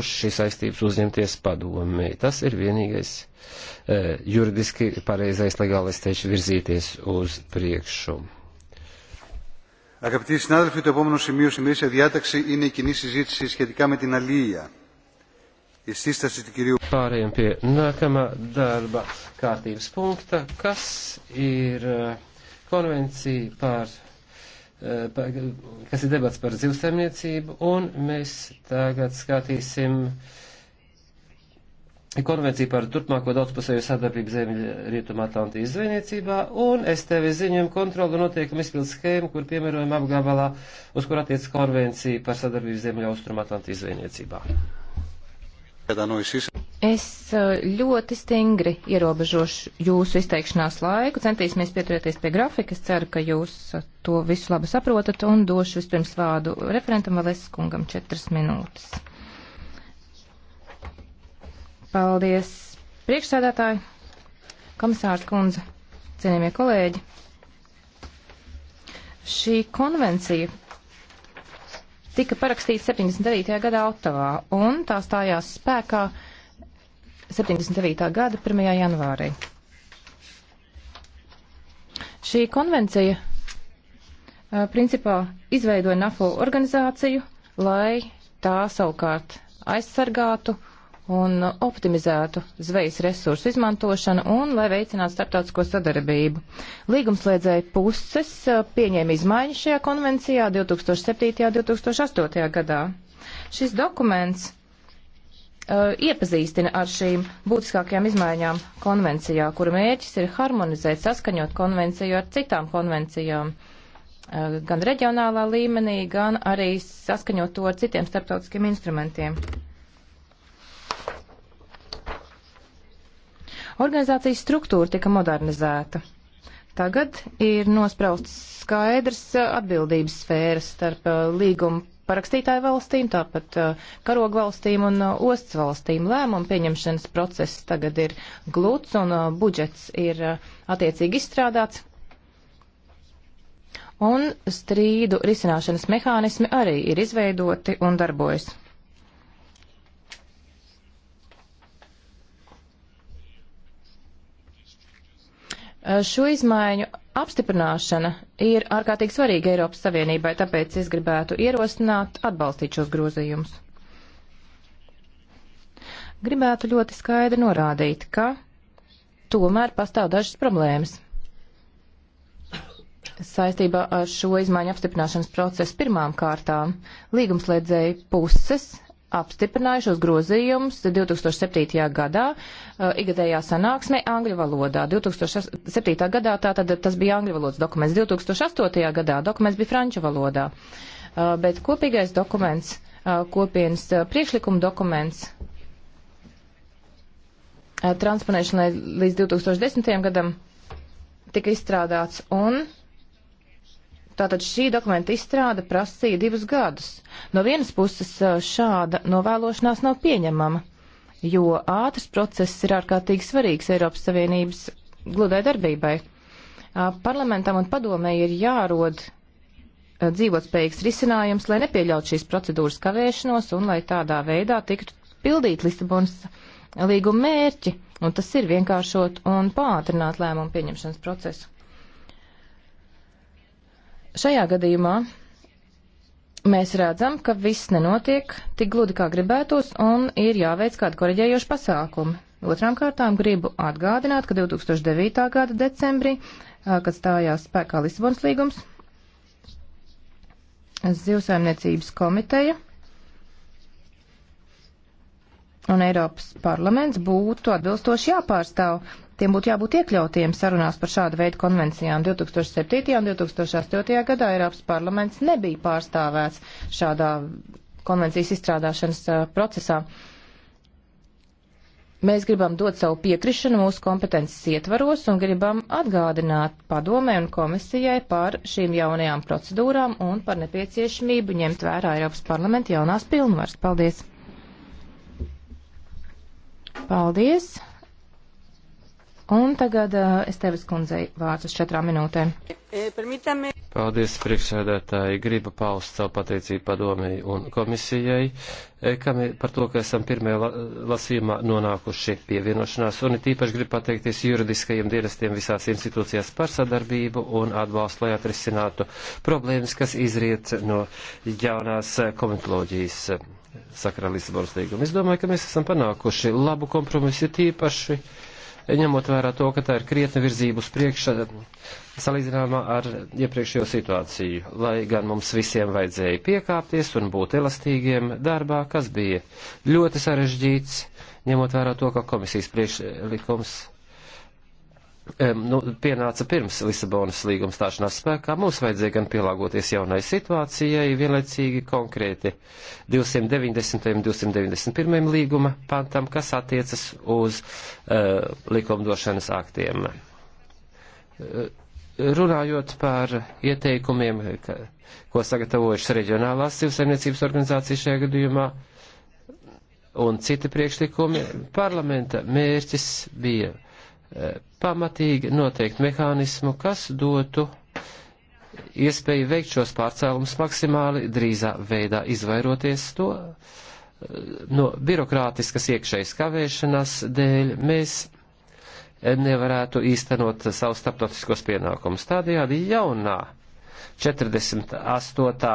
lūguši saistības uzņemties padomē. Tas ir vienīgais e, juridiski pareizais legālais ceļš virzīties uz priekšu. Αγαπητοί συνάδελφοι, το επόμενο σημείο σημερινή σε διάταξη είναι η κοινή συζήτηση σχετικά με την αλληλεία. Η σύσταση του κυρίου. Pārējiem pie nākamā darba kārtības punkta, kas ir e, konvencija par Eh, kas ir debats par zivsaimniecību, un mēs tagad skatīsim konvenciju par turpmāko daudzpusējo sadarbību Ziemeļa Rietuma Atlantijas zvejniecībā, un es tevi ziņojumu kontrolu notiekumu izpildu schēmu, kur piemērojam apgabalā, uz kur attiec konvencija par sadarbību Ziemeļa Austruma Atlantijas zvejniecībā. Es uh, ļoti stingri ierobežošu jūsu izteikšanās laiku, centīsimies pieturēties pie grafika. Es ceru, ka jūs uh, to visu labi saprotat un došu vispirms vārdu referentam Valēsas kungam četras minūtes. Paldies, priekšsēdētāji, komisārs kundze, cienījamie kolēģi. Šī konvencija tika parakstīta 79. gada Ottavā un tā stājās spēkā 79. gada 1. janvārī. Šī konvencija principā izveidoja NAFO organizāciju, lai tā savukārt aizsargātu un optimizētu zvejas resursu izmantošanu un lai veicinātu starptautisko sadarbību. Līgumslēdzēja puses uh, pieņēma izmaiņas šajā konvencijā 2007. un 2008. gadā. Šis dokuments uh, iepazīstina ar šīm būtiskākajām izmaiņām konvencijā, kura mērķis ir harmonizēt, saskaņot konvenciju ar citām konvencijām, uh, gan reģionālā līmenī, gan arī saskaņot to ar citiem starptautiskiem instrumentiem. Organizācijas struktūra tika modernizēta. Tagad ir nospraustas skaidrs uh, atbildības sfēras starp uh, līgumu parakstītāju valstīm, tāpat uh, karogu valstīm un ostas valstīm. Lēmumu pieņemšanas process tagad ir glūts un budžets ir attiecīgi izstrādāts. Un strīdu risināšanas mehānismi arī ir izveidoti un darbojas. Šo izmaiņu apstiprināšana ir ārkārtīgi svarīga Eiropas Savienībai, tāpēc es gribētu ierosināt atbalstīt šos grozījumus. Gribētu ļoti skaidri norādīt, ka tomēr pastāv dažas problēmas saistībā ar šo izmaiņu apstiprināšanas procesu pirmām kārtām līgumslēdzēju puses apstiprinājušos grozījumus 2007. gadā uh, igadējā sanāksmē angļu valodā. 2007. gadā tātad tas bija angļu valodas dokuments, 2008. gadā dokuments bija franču valodā. Uh, bet kopīgais dokuments, uh, kopienas uh, priekšlikuma dokuments uh, transponēšanai līdz 2010. gadam tika izstrādāts un Tātad šī dokumenta izstrāde prasīja divus gadus. No vienas puses šāda novēlošanās nav pieņemama, jo ātrs process ir ārkārtīgi svarīgs Eiropas Savienības gludai darbībai. Parlamentam un padomēji ir jārod dzīvotspējīgs risinājums, lai nepieļaut šīs procedūras kavēšanos un lai tādā veidā tiktu pildīt Lisabonas līguma mērķi, un tas ir vienkāršot un pātrināt lēmumu pieņemšanas procesu. Šajā gadījumā mēs redzam, ka viss nenotiek tik gludi, kā gribētos, un ir jāveic kādi koreģējoši pasākumi. Otrām kārtām gribu atgādināt, ka 2009. gada decembrī, kad stājās spēkā Lisabons līgums, Zivsaimniecības komiteja un Eiropas parlaments būtu atbilstoši jāpārstāv Tiem būtu jābūt iekļautiem sarunās par šādu veidu konvencijām. 2007. un 2008. gadā Eiropas parlaments nebija pārstāvēts šādā konvencijas izstrādāšanas procesā. Mēs gribam dot savu piekrišanu mūsu kompetences ietvaros un gribam atgādināt padomē un komisijai par šīm jaunajām procedūrām un par nepieciešamību ņemt vērā Eiropas parlamenta jaunās pilnvaras. Paldies! Paldies! Un tagad uh, eh, es tevis kundzei vārds uz četrām minūtēm. Eh, Paldies, priekšsēdētāji. Gribu paust savu pateicību padomēji un komisijai eh, kam, par to, ka esam pirmajā lasījumā nonākuši pievienošanās. Un it īpaši gribu pateikties juridiskajiem dienestiem visās institūcijās par sadarbību un atbalstu, lai atrisinātu problēmas, kas izriet no jaunās komitoloģijas sakrā Lisabonas līguma. Es domāju, ka mēs esam panākuši labu kompromisu, tīpaši. Ja ņemot vērā to, ka tā ir krietni virzība uz priekšu salīdzināmā ar iepriekšējo situāciju, lai gan mums visiem vajadzēja piekāpties un būt elastīgiem darbā, kas bija ļoti sarežģīts, ņemot vērā to, ka komisijas priekšlikums nu, pienāca pirms Lisabonas līguma stāšanās spēkā, mums vajadzēja gan pielāgoties jaunai situācijai, vienlaicīgi konkrēti 290. un 291. līguma pantam, kas attiecas uz uh, likumdošanas aktiem. Uh, runājot par ieteikumiem, ka, ko sagatavojušas reģionālās civsaimniecības organizācijas šajā gadījumā, un citi priekšlikumi, parlamenta mērķis bija Eh, pamatīgi noteikt mehānismu, kas dotu iespēju veikt šos pārcēlumus maksimāli drīzā veidā, izvairoties to eh, no birokrātiskas iekšējas kavēšanās dēļ. Mēs eh, nevarētu īstenot savus starptautiskos pienākumus. Tādējādi jaunā 48.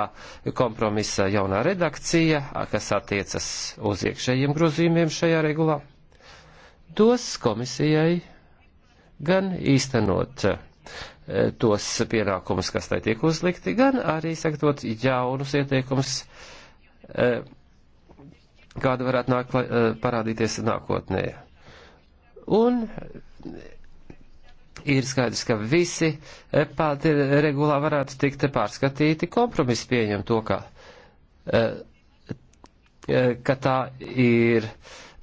kompromisa jaunā redakcija, kas attiecas uz iekšējiem grozījumiem šajā regulā, dos komisijai gan īstenot eh, tos pienākumus, kas tai tiek uzlikti, gan arī sagatavot jaunus ieteikumus, eh, kāda varētu nāk, eh, parādīties nākotnē. Un ir skaidrs, ka visi pati regulā varētu tikt pārskatīti, kompromiss pieņem to, ka, ka tā ir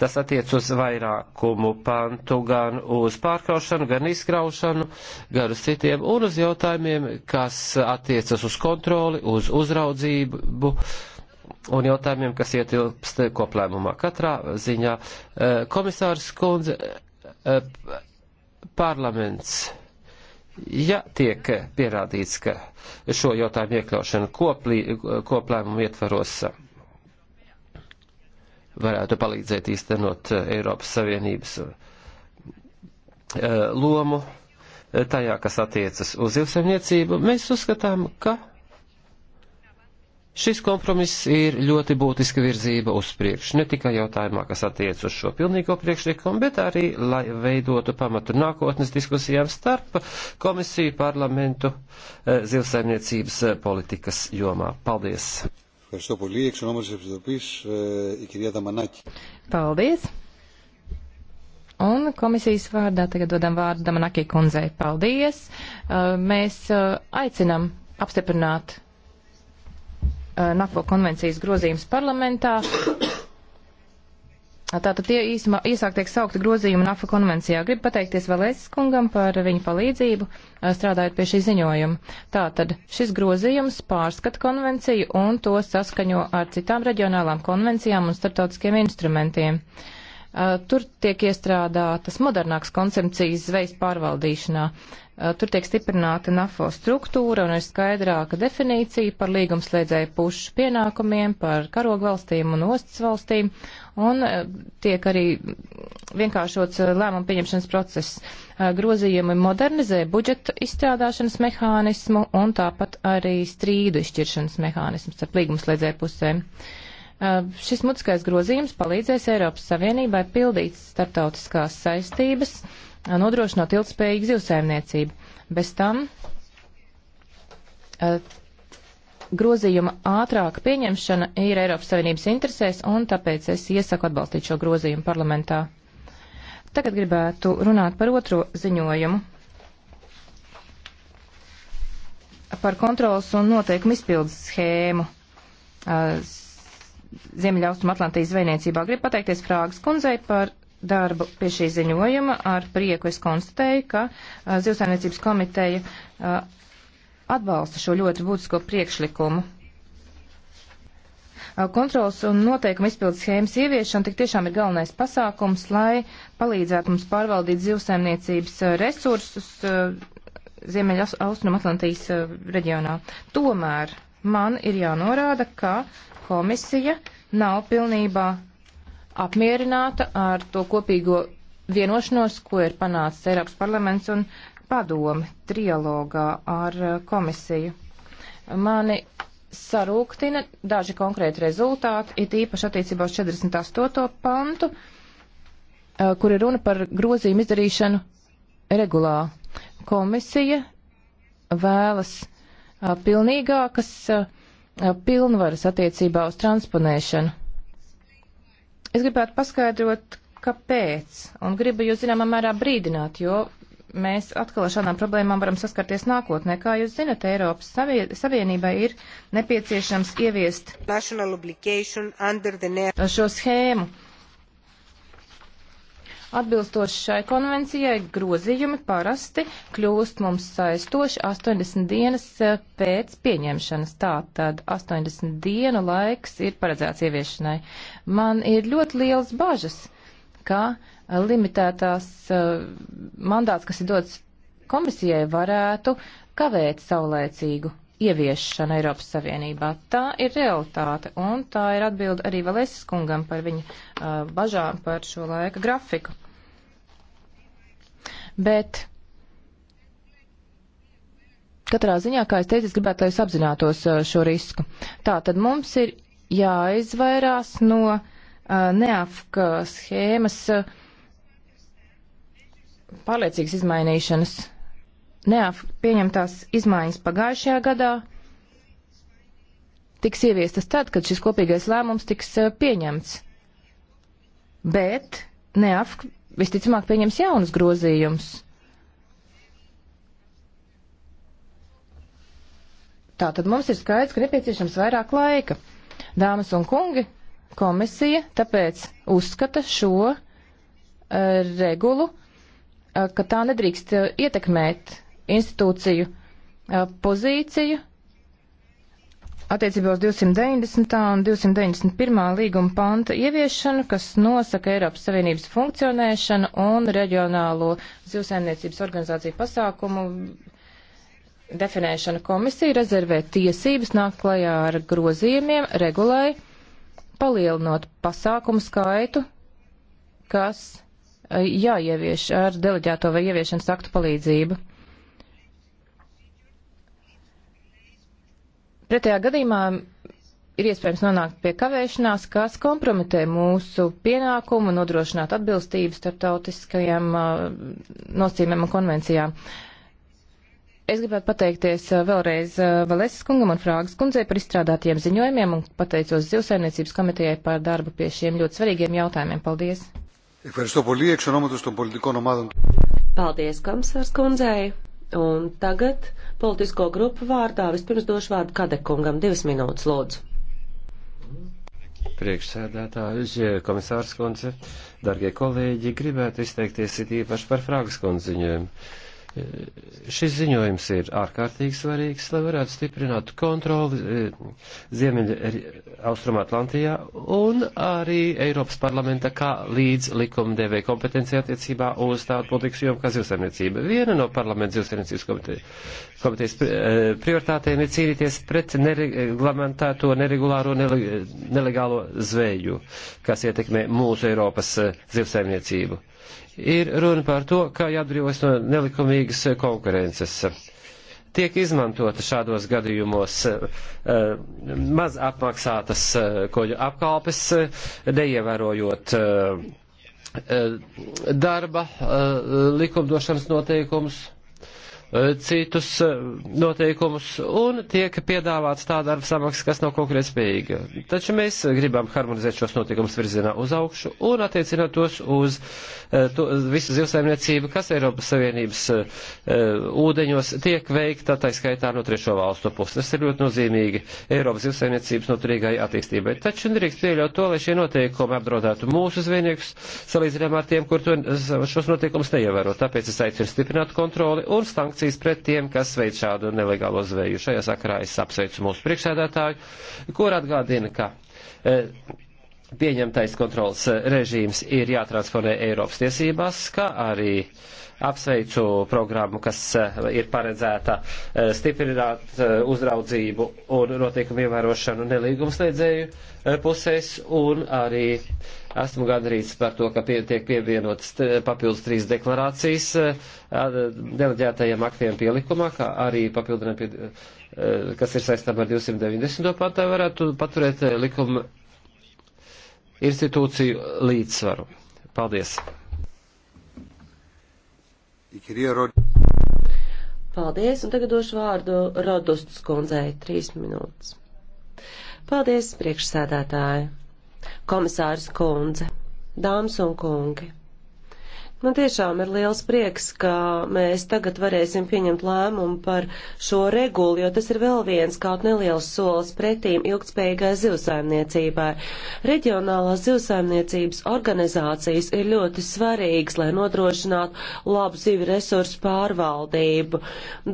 Tas attiec uz vairākumu pantu, gan uz pārkaušanu, gan izkraušanu, gan uz citiem, un uz jautājumiem, kas attiecas uz kontroli, uz uzraudzību un jautājumiem, kas ietilpst koplēmumā. Katrā ziņā eh, komisārs Kundze eh, parlaments. Ja tiek pierādīts, ka šo jautājumu iekļaušana koplī, koplēmumu ietvaros varētu palīdzēt īstenot eh, Eiropas Savienības eh, lomu eh, tajā, kas attiecas uz zivsaimniecību. Mēs uzskatām, ka Šis kompromiss ir ļoti būtiska virzība uz priekšu, ne tikai jautājumā, kas attiec uz šo pilnīgo priekšlikumu, bet arī, lai veidotu pamatu nākotnes diskusijām starp komisiju, parlamentu, zivsaimniecības politikas jomā. Paldies! Ευχαριστώ πολύ. Εξ ονόματος της Επιτροπής, η κυρία Δαμανάκη. Paldies. Un komisijas vārdā tagad dodam vārdu Damanakī kundzei. Paldies. Mēs aicinam apstiprināt NAFO konvencijas grozījums parlamentā Tātad tie īsumā, īsāk tiek saukti grozījumi NAFA konvencijā. Gribu pateikties Valēsis kungam par viņa palīdzību eh, strādājot pie šī ziņojuma. Tātad šis grozījums pārskata konvenciju un to saskaņo ar citām reģionālām konvencijām un starptautiskiem instrumentiem. Eh, tur tiek iestrādātas modernākas koncepcijas zvejas pārvaldīšanā. Eh, tur tiek stiprināta NAFO struktūra un ir skaidrāka definīcija par līgumslēdzēju pušu pienākumiem, par karogu valstīm un ostas valstīm, un eh, tiek arī vienkāršots eh, lēmumu pieņemšanas process. Grozījumi modernizē budžeta izstrādāšanas mehānismu un tāpat arī strīdu izšķiršanas mehānismu starp līgumslēdzēju pusēm. Šis mutiskais grozījums palīdzēs Eiropas Savienībai pildīt starptautiskās saistības nodrošinot ilgspējīgu zivsaimniecību. Bez tam grozījuma ātrāka pieņemšana ir Eiropas Savienības interesēs, un tāpēc es iesaku atbalstīt šo grozījumu parlamentā. Tagad gribētu runāt par otro ziņojumu par kontrolas un noteikumu izpildes schēmu Ziemeļaustrum Atlantijas zvejniecībā. Gribu pateikties Frāgas kundzei par darbu pie šī ziņojuma. Ar prieku es konstatēju, ka Zivsainiecības komiteja a, atbalsta šo ļoti būtisko priekšlikumu. A, kontrols un noteikuma izpildes schēmas ieviešana tik tiešām ir galvenais pasākums, lai palīdzētu mums pārvaldīt zivsaimniecības resursus Ziemeļa Austrum Atlantijas reģionā. Tomēr man ir jānorāda, ka komisija nav pilnībā apmierināta ar to kopīgo vienošanos, ko ir panācis Eiropas parlaments un padome trialogā ar eh, komisiju. Mani sarūktina daži konkrēti rezultāti, it īpaši attiecībā uz 48. pantu, eh, kur ir runa par grozījumu izdarīšanu regulā. Komisija vēlas eh, pilnīgākas pilnvaras attiecībā uz transponēšanu. Es gribētu paskaidrot, kāpēc, un gribu jūs zināmā mērā brīdināt, jo mēs atkal ar šādām problēmām varam saskarties nākotnē. Kā jūs zinat, Eiropas savie, Savienībai ir nepieciešams ieviest šo schēmu. Atbilstoši šai konvencijai grozījumi parasti kļūst mums saistoši 80 dienas eh, pēc pieņemšanas. Tātad 80 dienu laiks ir paredzēts ieviešanai. Man ir ļoti liels bažas, ka limitētās eh, mandāts, kas ir dots komisijai, varētu kavēt saulēcīgu ieviešana Eiropas Savienībā. Tā ir realitāte, un tā ir atbilde arī Valēsis kungam par viņa uh, bažām par šo laika grafiku. Bet katrā ziņā, kā es teicu, es gribētu, lai jūs apzinātos uh, šo risku. Tā tad mums ir jāizvairās no uh, neafka schēmas uh, pārliecīgas izmainīšanas neaf pieņemtās izmaiņas pagājušajā gadā tiks ieviestas tad, kad šis kopīgais lēmums tiks eh, pieņemts. Bet neaf visticamāk pieņems jaunus grozījumus. Tātad mums ir skaidrs, ka nepieciešams vairāk laika. Dāmas un kungi, komisija tāpēc uzskata šo uh, regulu, uh, ka tā nedrīkst uh, ietekmēt institūciju pozīciju attiecībā uz 290. un 291. līguma panta ieviešanu, kas nosaka Eiropas Savienības funkcionēšanu un reģionālo zivsaimniecības organizāciju pasākumu definēšanu komisija rezervē tiesības nākt klajā ar grozījumiem regulai, palielinot pasākumu skaitu, kas jāievieš ar deleģēto vai ieviešanas aktu palīdzību. Pretējā gadījumā ir iespējams nonākt pie kavēšanās, kas kompromitē mūsu pienākumu nodrošināt atbilstību starptautiskajiem uh, nosacījumiem un konvencijām. Es gribētu pateikties uh, vēlreiz uh, Valēsas kungam un Frāgas kundzei par izstrādātiem ziņojumiem un pateicos Zivsaimniecības komitejai par darbu pie šiem ļoti svarīgiem jautājumiem. Paldies! Paldies, komisārs kundzei! Un tagad politisko grupu vārdā vispirms došu vārdu Kadekungam. Divas minūtes, lūdzu. Priekšsēdētājs, komisārs kundze, darbie kolēģi, gribētu izteikties it īpaši par Frāgas kundziņojumu Eh, šis ziņojums ir ārkārtīgi svarīgs, lai varētu stiprināt kontroli eh, Ziemeļa Austrum Atlantijā un arī Eiropas parlamenta kā līdz likumdevēja kompetencija attiecībā uz tādu politikas jomu kā zivsaimniecība. Viena no parlamenta zivsaimniecības komite, komitejas eh, prioritātēm ir cīnīties pret nereglamentēto, neregulāro, nelegālo zveju, kas ietekmē mūsu Eiropas zivsaimniecību ir runa par to, kā jāatbrīvos no nelikumīgas konkurences. Tiek izmantota šādos gadījumos eh, maz apmaksātas eh, koļu apkalpes, eh, neievērojot darba likumdošanas noteikumus. Eh, citus eh, noteikumus un tiek piedāvāts tā darba samaksa, kas nav konkurētspējīga. Taču mēs gribam harmonizēt šos notikumus virzienā uz augšu un attiecināt tos uz eh, to, visu zivsaimniecību, kas Eiropas Savienības ūdeņos tiek veikta, tā skaitā no trešo valstu puses. Tas ir ļoti nozīmīgi Eiropas zivsaimniecības noturīgai attīstībai. Taču nedrīkst pieļaut to, lai šie noteikumi apdraudētu mūsu zvejniekus salīdzinām ar tiem, kur to, šos noteikumus neievēro. Tāpēc es aicinu stiprināt kontroli un sankcijas sankcijas pret tiem, kas veic šādu nelegālo zveju. Šajā sakarā es apsveicu mūsu priekšsēdētāju, kur atgādina, ka. E, Pieņemtais kontrols e, režīms ir jātransformē Eiropas tiesībās, kā arī uh, Apsveicu programmu, kas eh, ir paredzēta eh, stiprināt eh, uzraudzību un notikumu ievērošanu nelīgumslēdzēju pusēs un arī esmu gandrīz par to, ka pie, tiek pievienotas papildus trīs deklarācijas deleģētajiem aktiem pielikumā, kā arī papildinājumi, pie, kas ir saistām ar 290. pantā, varētu paturēt likuma institūciju līdzsvaru. Paldies! Paldies, un tagad došu vārdu Rodustas kundzei, trīs minūtes. Paldies, priekšsēdētāji, komisārs kundze, dāmas un kungi. Man tiešām ir liels prieks, ka mēs tagad varēsim pieņemt lēmumu par šo regulu, jo tas ir vēl viens kaut neliels solis pretīm ilgtspējīgai zivsaimniecībai. Reģionālās zivsaimniecības organizācijas ir ļoti svarīgas, lai nodrošinātu labu zivi resursu pārvaldību.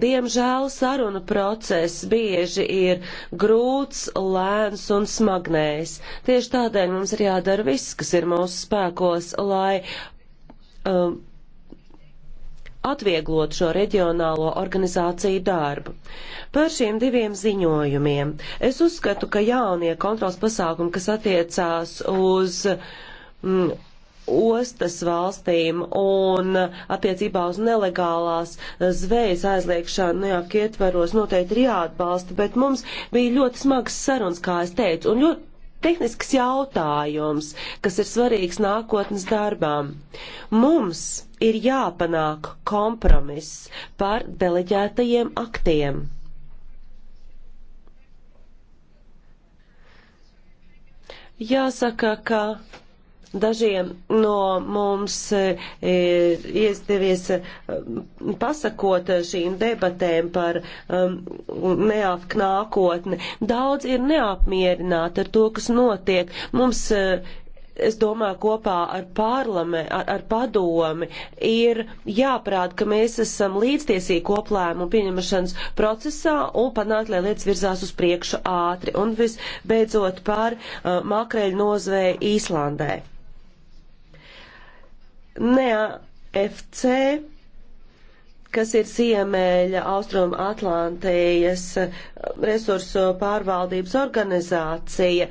Diemžēl saruna process bieži ir grūts, lēns un smagnējs. Tieši tādēļ mums ir jādara viss, kas ir mūsu spēkos, lai um, atvieglot šo reģionālo organizāciju darbu. Par šiem diviem ziņojumiem es uzskatu, ka jaunie kontrols pasākumi, kas attiecās uz mm, ostas valstīm un attiecībā uz nelegālās zvejas aizliekšanu, nu jā, ietveros noteikti ir jāatbalsta, bet mums bija ļoti smags saruns, kā es teicu, un ļoti tehnisks jautājums, kas ir svarīgs nākotnes darbām. Mums ir jāpanāk kompromiss par deleģētajiem aktiem. Jāsaka, ka Dažiem no mums ir e, e, iezdevies e, pasakot šīm debatēm par um, neafk nākotni. Daudz ir neapmierināti ar to, kas notiek. Mums uh, es domāju, kopā ar pārlame, ar, ar padomi ir jāprāt, ka mēs esam līdztiesīgi koplēmumu pieņemšanas procesā un panākt, lai lietas virzās uz priekšu ātri. Un visbeidzot par uh, makreļu nozvēju Īslandē. NEAFC, kas ir Ziemeļa Austrum Atlantijas eh, resursu pārvaldības organizācija.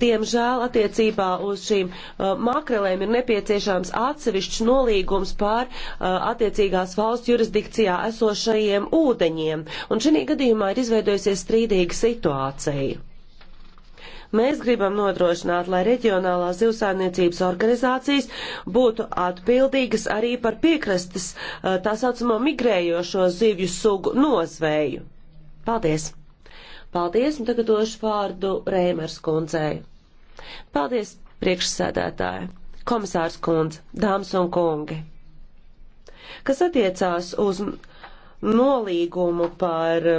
Diemžēl attiecībā uz šīm uh, makrelēm ir nepieciešams atsevišķs nolīgums par uh, attiecīgās valsts jurisdikcijā esošajiem ūdeņiem, un šī gadījumā ir izveidojusies strīdīga situācija. Mēs gribam nodrošināt, lai reģionālās zivsārniecības organizācijas būtu atbildīgas arī par piekrastes tā saucamo migrējošo zivju sugu nozvēju. Paldies! Paldies, un tagad došu vārdu Reimers kundzei. Paldies, priekšsēdētāji, komisārs kundze, dāmas un kungi. Kas attiecās uz nolīgumu par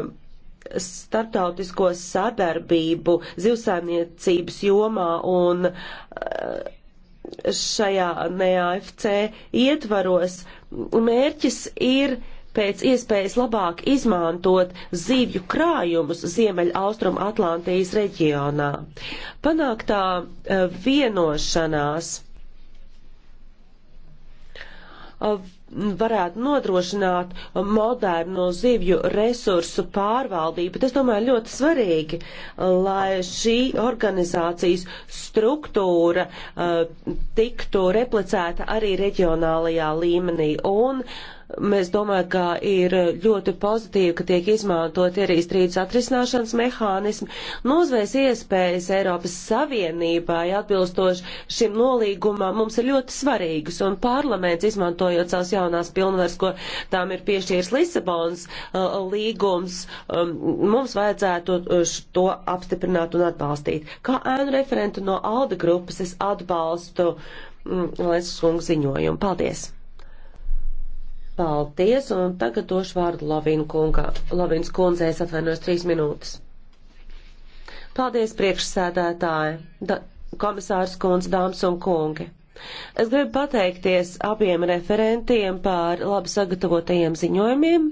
starptautisko sadarbību zivsāniecības jomā un eh, šajā NAFC ietvaros mērķis ir pēc iespējas labāk izmantot zivju krājumus Ziemeļa Austrum Atlantijas reģionā. Panāktā eh, vienošanās eh, varētu nodrošināt modernu zivju resursu pārvaldību. Tas, domāju, ļoti svarīgi, lai šī organizācijas struktūra uh, tiktu replicēta arī reģionālajā līmenī un uh, Mēs domājam, ka ir ļoti pozitīvi, ka tiek izmantot arī strīdus atrisināšanas mehānismi un nu, uzvēs iespējas Eiropas Savienībai atbilstoši šim nolīgumam mums ir ļoti svarīgas un parlaments izmantojot savas jaunās pilnvars, ko tām ir piešķīrs Lisabons uh, līgums, um, mums vajadzētu uh, to apstiprināt un atbalstīt. Kā ēnu referentu no Alda grupas es atbalstu um, mm, Lēsas kungu ziņojumu. Paldies! Paldies, un tagad došu vārdu Lavīnu kungā. Lavīnas kundzei es atvainojos trīs minūtes. Paldies, priekšsēdētāji, da, komisārs kundze, dāmas un kungi. Es gribu pateikties abiem referentiem par labi sagatavotajiem ziņojumiem.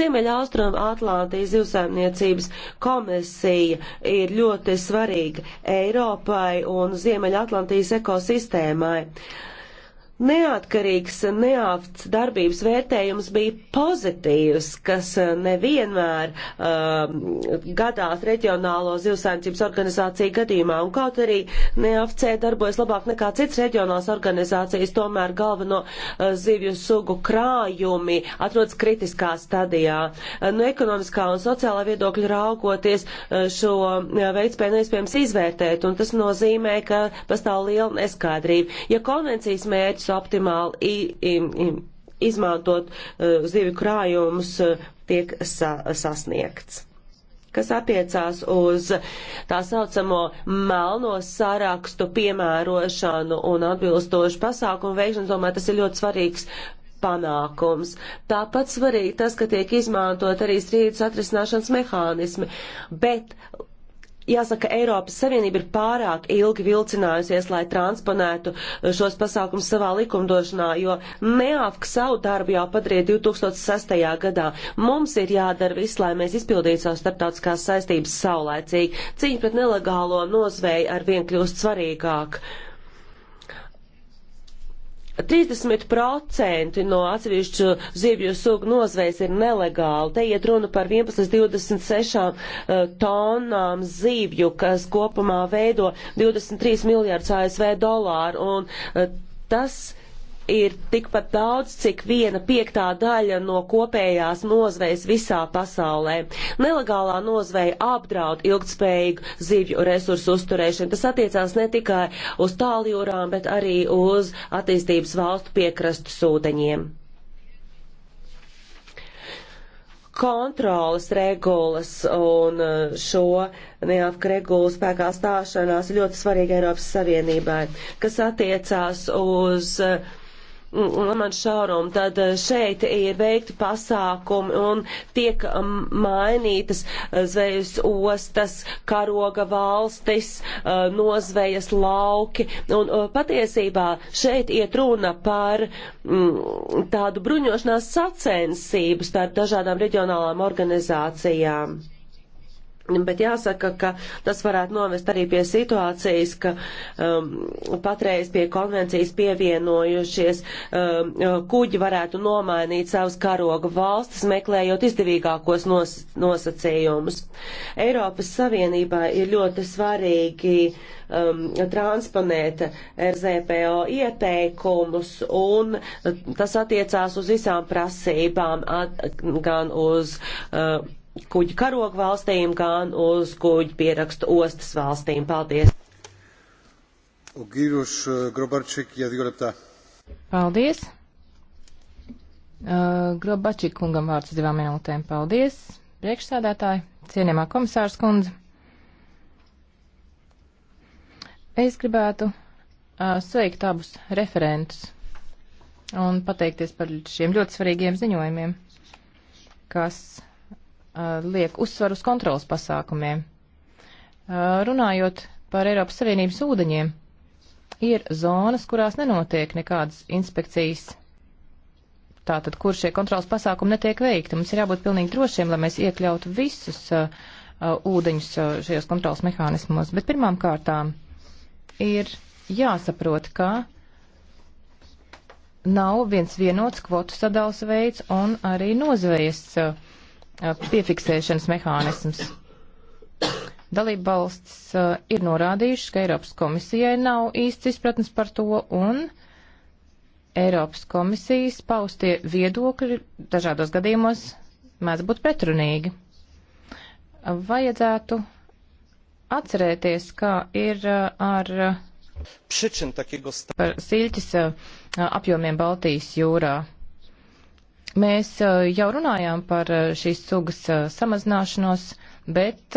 Ziemeļa Austrum Atlantijas zivsaimniecības komisija ir ļoti svarīga Eiropai un Ziemeļa Atlantijas ekosistēmai. Uh, Neatkarīgs neāfts darbības vērtējums bija pozitīvs, kas eh, nevienmēr uh, gadās reģionālo zivsainicības organizāciju gadījumā, un kaut arī neāfcē darbojas labāk nekā cits reģionāls organizācijas, tomēr galveno uh, zivju sugu krājumi atrodas kritiskā stadijā. Uh, no ekonomiskā un sociālā viedokļa raugoties uh, šo uh, veidspēju neiespējams izvērtēt, un tas nozīmē, ka pastāv liela neskaidrība. Ja konvencijas mērķis optimāli i, i, izmantot uh, zivju krājumus, uh, tiek sa sasniegts kas attiecās uz tā saucamo melno sarakstu piemērošanu un atbilstošu pasākumu veikšanu, domāju, tas ir ļoti svarīgs panākums. Tāpat svarīgi tas, ka tiek izmantot arī strīdus atrisināšanas mehānismi, bet Jāsaka, Eiropas Savienība ir pārāk ilgi vilcinājusies, lai transponētu uh, šos pasākumus savā likumdošanā, jo neāfka savu darbu jau padarīja 2006. gadā. Mums ir jādara viss, lai mēs izpildītu savu starptautiskās saistības saulēcīgi. Cīņa pret nelegālo nozveju ar vien kļūst svarīgāk. Uh, 30% no atsevišķu zivju sugu nozvejas ir nelegāli. Te iet runa par 11 līdz 26 uh, tonām zivju, kas kopumā veido 23 miljārdus ASV dolāru. Un, uh, tas ir tikpat daudz, cik viena piektā daļa no kopējās nozvejas visā pasaulē. Nelegālā nozveja apdraud ilgtspējīgu zivju resursu uzturēšanu. Tas attiecās ne tikai uz tāljūrām, bet arī uz attīstības valstu piekrastu sūdeņiem. Kontrolas regulas un uh, šo neafka regulu spēkā stāšanās ļoti svarīgi Eiropas Savienībai, kas attiecās uz uh, Lamāņu šaurumu, tad eh, šeit ir veikti pasākumi un tiek mainītas eh, zvejas ostas, karoga valstis, eh, nozvejas lauki. Un patiesībā šeit iet runa par tādu bruņošanās sacensību starp dažādām reģionālām organizācijām. Bet jāsaka, ka tas varētu novest arī pie situācijas, ka um, patreiz pie konvencijas pievienojušies um, kuģi varētu nomainīt savas karoga valstis, meklējot izdevīgākos nos, nosacījumus. Eiropas Savienībā ir ļoti svarīgi um, transponēt RZPO ieteikumus, un tas attiecās uz visām prasībām, at, gan uz. Uh, kuģu karogu valstīm, gan uz kuģu pierakstu ostas valstīm. Paldies! Eh, Paldies! Uh, eh, Grobačik kungam vārds divām minūtēm. Paldies! Priekšsādātāji, cienījamā komisārs kundze. Es gribētu uh, sveikt abus referentus un pateikties par šiem ļoti svarīgiem ziņojumiem, kas Uh, liek uzsvaru uz kontrolas pasākumiem. Uh, runājot par Eiropas Savienības ūdeņiem, ir zonas, kurās nenotiek nekādas inspekcijas. Tātad, kur šie kontrolas pasākumi netiek veikti, mums ir jābūt pilnīgi drošiem, lai mēs iekļautu visus uh, uh ūdeņus uh, šajos kontrolas mehānismos. Bet pirmām kārtām ir jāsaprot, ka nav viens vienots kvotu sadals veids un arī nozvejas uh, piefiksēšanas mehānisms. Dalība valsts ir norādījušas, ka Eiropas komisijai nav īsts izpratnes par to un Eiropas komisijas paustie viedokļi dažādos gadījumos mēdz būt pretrunīgi. Vajadzētu atcerēties, kā ir ar par siļķis apjomiem Baltijas jūrā. Mēs uh, jau runājām par uh, šīs sugas uh, samazināšanos, bet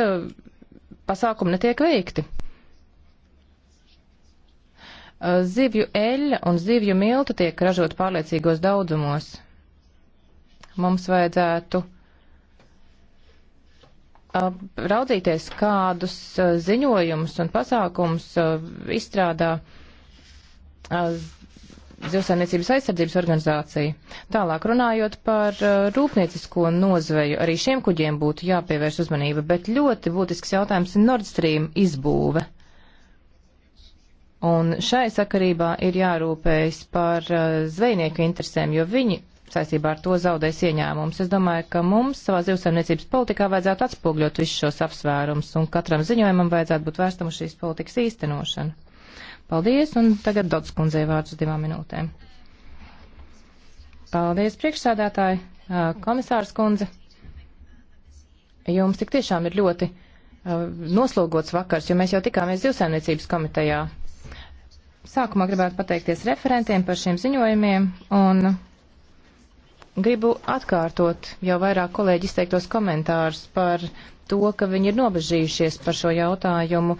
pasākumi netiek veikti. Zivju eļļa un zivju miltu tiek ražot pārliecīgos daudzumos. Mums vajadzētu raudzīties, kādus ziņojumus un pasākumus izstrādā Zivsainiecības aizsardzības organizācija. Tālāk runājot par uh, rūpniecisko nozveju, arī šiem kuģiem būtu jāpievērš uzmanība, bet ļoti būtisks jautājums ir Nord Stream izbūve. Un šai sakarībā ir jārūpējas par uh, zvejnieku interesēm, jo viņi saistībā ar to zaudēs ieņēmumus. Es domāju, ka mums savā zivsaimniecības politikā vajadzētu atspogļot visus šos apsvērumus, un katram ziņojumam vajadzētu būt vērstam uz šīs politikas īstenošanu. Paldies, un tagad Dots kundzei vārds uz divām minūtēm. Paldies, priekšsādātāji, komisārs kundze. Jums tik tiešām ir ļoti noslogots vakars, jo mēs jau tikāmies divsēmniecības komitejā. Sākumā gribētu pateikties referentiem par šiem ziņojumiem un gribu atkārtot jau vairāk kolēģi izteiktos komentārus par to, ka viņi ir nobežījušies par šo jautājumu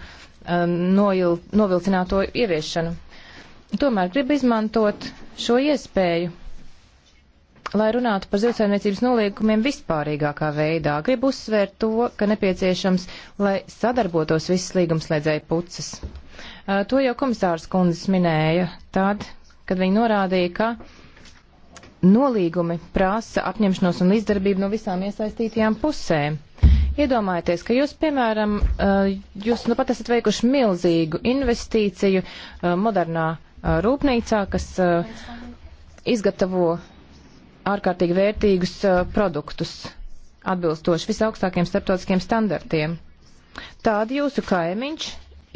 Um, nojil, novilcināto ieviešanu. Tomēr gribu izmantot šo iespēju, lai runātu par zivsaimniecības noliekumiem vispārīgākā veidā. Gribu uzsvērt to, ka nepieciešams, lai sadarbotos visas līgumslēdzēja puces. Uh, to jau komisārs kundzes minēja tad, kad viņi norādīja, ka nolīgumi prasa apņemšanos un līdzdarbību no visām iesaistītajām pusēm. Uh, Iedomājieties, ka jūs, piemēram, eh, jūs nu pat esat veikuši milzīgu investīciju eh, modernā eh, rūpnīcā, kas izgatavo ārkārtīgi vērtīgus produktus atbilstoši visaugstākiem starptautiskiem standartiem. Tāda jūsu kaimiņš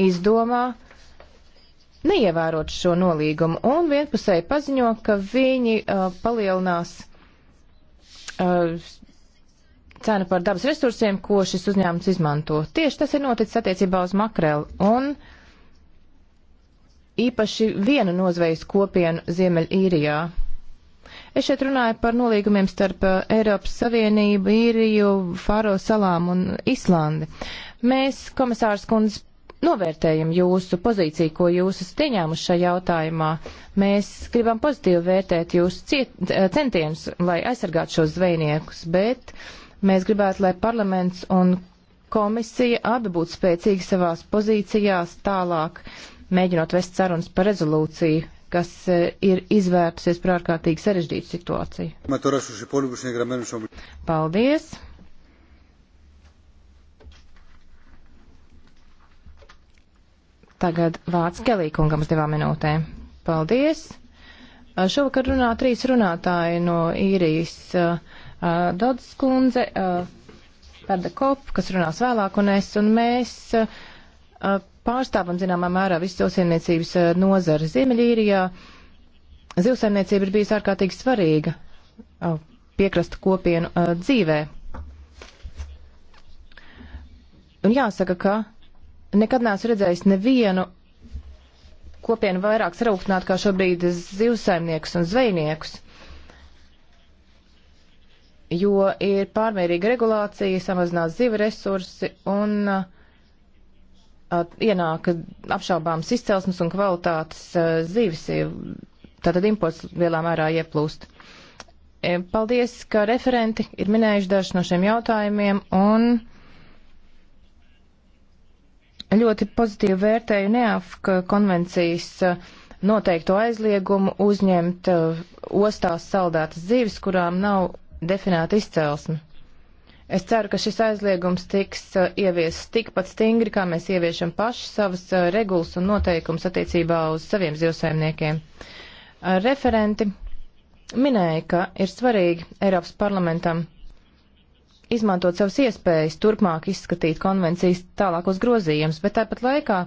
izdomā neievērot šo nolīgumu un vienpusēji paziņo, ka viņi uh, palielinās uh, cenu par dabas resursiem, ko šis uzņēmums izmanto. Tieši tas ir noticis attiecībā uz makreli un īpaši vienu nozvejas kopienu Ziemeļīrijā. Es šeit runāju par nolīgumiem starp uh, Eiropas Savienību, Īriju, Faro salām un Islandi. Mēs, komisārs kundze, novērtējam jūsu pozīciju, ko jūs esat ieņēmuši šajā jautājumā. Mēs gribam pozitīvi vērtēt jūsu ciet, uh, centienus, lai aizsargātu šos zvejniekus, bet uh, Mēs gribētu, lai parlaments un komisija abi būtu spēcīgi savās pozīcijās tālāk, mēģinot vest sarunas par rezolūciju, kas e, ir izvērtusies par ārkārtīgi sarežģītu situāciju. Paldies! Tagad vārds Gelīkungam uz divām minūtēm. Paldies! Šovakar runā trīs runātāji no īrijas. Uh, Uh, Dodas kundze, uh, Perda Kop, kas runās vēlāk un es, un mēs uh, pārstāvam zināmā mērā visu zivsaimniecības nozari Ziemeļīrijā. Zivsaimniecība ir bijusi ārkārtīgi svarīga piekrasta kopienu dzīvē. Un jāsaka, ka nekad neesmu redzējis nevienu kopienu vairāk sarūktinātu kā šobrīd zivsaimniekus un zvejniekus jo ir pārmērīga regulācija, samazinās zivu resursi un uh, ienāk apšaubāmas izcelsmes un kvalitātes uh, zivis, tātad imports lielā mērā ieplūst. E, paldies, ka referenti ir minējuši dažus no šiem jautājumiem un ļoti pozitīvi vērtēju NEAFK konvencijas uh, noteikto aizliegumu uzņemt uh, ostās saldētas dzīves, kurām nav definēt izcelsmi. Es ceru, ka šis aizliegums tiks uh, ieviests tikpat stingri, kā mēs ieviešam paši savas uh, regulas un noteikums attiecībā uz saviem zivsaimniekiem. Uh, referenti minēja, ka ir svarīgi Eiropas parlamentam izmantot savas iespējas turpmāk izskatīt konvencijas tālākos grozījumus, bet tāpat laikā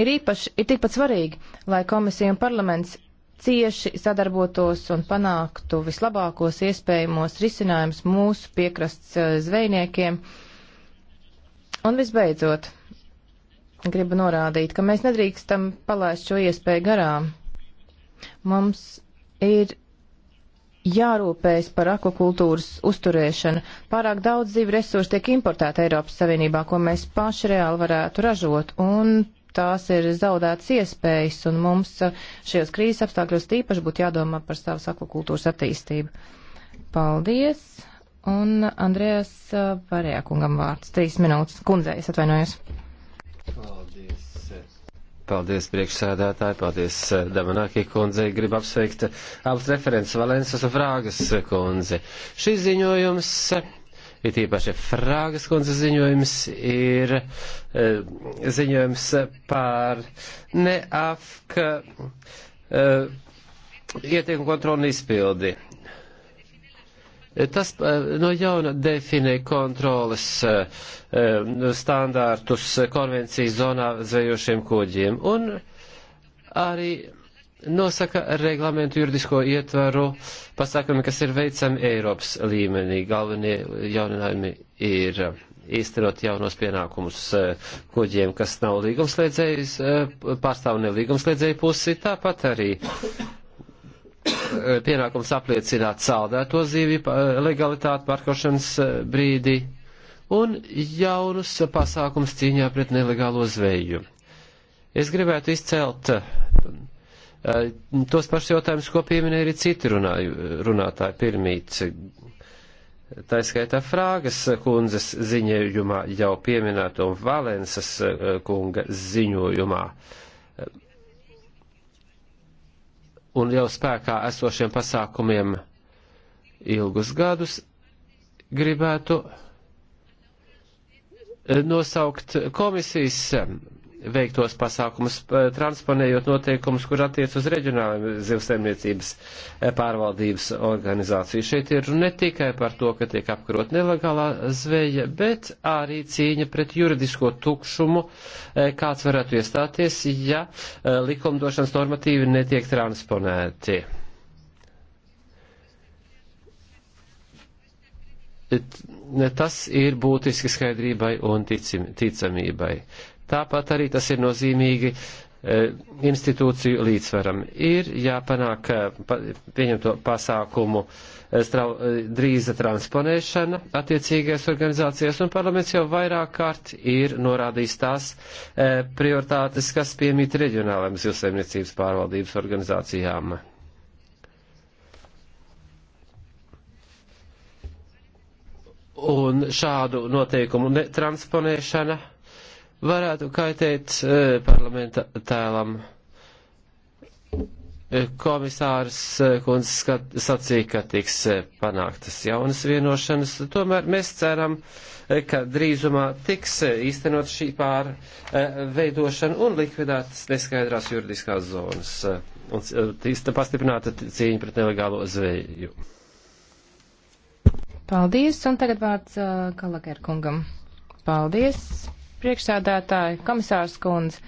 ir īpaši, ir tikpat svarīgi, lai komisija un parlaments cieši sadarbotos un panāktu vislabākos iespējamos risinājumus mūsu piekrasts eh, zvejniekiem. Un visbeidzot, gribu norādīt, ka mēs nedrīkstam palaist šo iespēju garām. Mums ir jārūpējas par akvakultūras uzturēšanu. Pārāk daudz zīvu resursu tiek importēta Eiropas Savienībā, ko mēs paši reāli varētu ražot, un tās ir zaudētas iespējas, un mums uh, šajos krīzes apstākļos tīpaši būtu jādomā par savu akvakultūras attīstību. Paldies! Un Andrējas uh, Varējā kungam vārds. Trīs minūtes. Kundzei, es atvainojos. Paldies. Paldies, priekšsēdētāji, paldies uh, Damanākī kundzei. Gribu apsveikt abus referents Valences un Frāgas kundzi. Šis ziņojums it īpaši Frāgas kundze ziņojums ir e, ziņojums par neafka e, ieteikumu kontrolu un izpildi. E, tas no jauna definē kontroles standārtus konvencijas zonā zvejošiem kuģiem un arī nosaka reglamentu juridisko ietvaru pasākumi, kas ir veicami Eiropas līmenī. Galvenie jauninājumi ir uh, īstenot jaunos pienākumus uh, kuģiem, kas nav līgumslēdzējis, uh, pārstāv ne līgumslēdzēju pusi, tāpat arī pienākums apliecināt saldēto zīvju legalitāti pārkošanas brīdī un jaunus pasākums cīņā pret nelegālo zveju. Es gribētu izcelt Eh, tos pašus jautājumus, ko pieminēja arī citi runāju, runātāji pirmīt. Tā skaitā Frāgas kundzes ziņojumā jau pieminēto un Valensas eh, kunga ziņojumā. Un jau spēkā esošiem pasākumiem ilgus gadus gribētu eh, nosaukt komisijas veiktos pasākumus, transponējot noteikumus, kur attiec uz reģionālajiem zivsēmniecības eh, pārvaldības organizāciju. Šeit ir ne tikai par to, ka tiek apkarot nelegālā zveja, bet arī cīņa pret juridisko tukšumu, eh, kāds varētu iestāties, ja eh, likumdošanas normatīvi netiek transponēti. Tas ir būtiski skaidrībai un ticim, ticamībai. Tāpat arī tas ir nozīmīgi e, institūciju līdzsvaram. Ir jāpanāk e, pieņemto pasākumu e, strau, drīza transponēšana attiecīgajās organizācijās, un parlaments jau vairāk kārt ir norādījis tās prioritātes, kas piemīt reģionālajām zilsaimniecības pārvaldības organizācijām. Un šādu noteikumu transponēšana varētu kaitēt e, parlamenta tēlam. E, komisārs e, kundze skat, sacīja, ka tiks panāktas jaunas vienošanas, tomēr mēs ceram, ka drīzumā tiks īstenot šī pārveidošana un likvidētas neskaidrās juridiskās zonas un pastiprināta cīņa pret nelegālo zveju. Paldies, un tagad vārds Galagērkungam. Paldies! Priekšsēdētāji, komisārs kundze,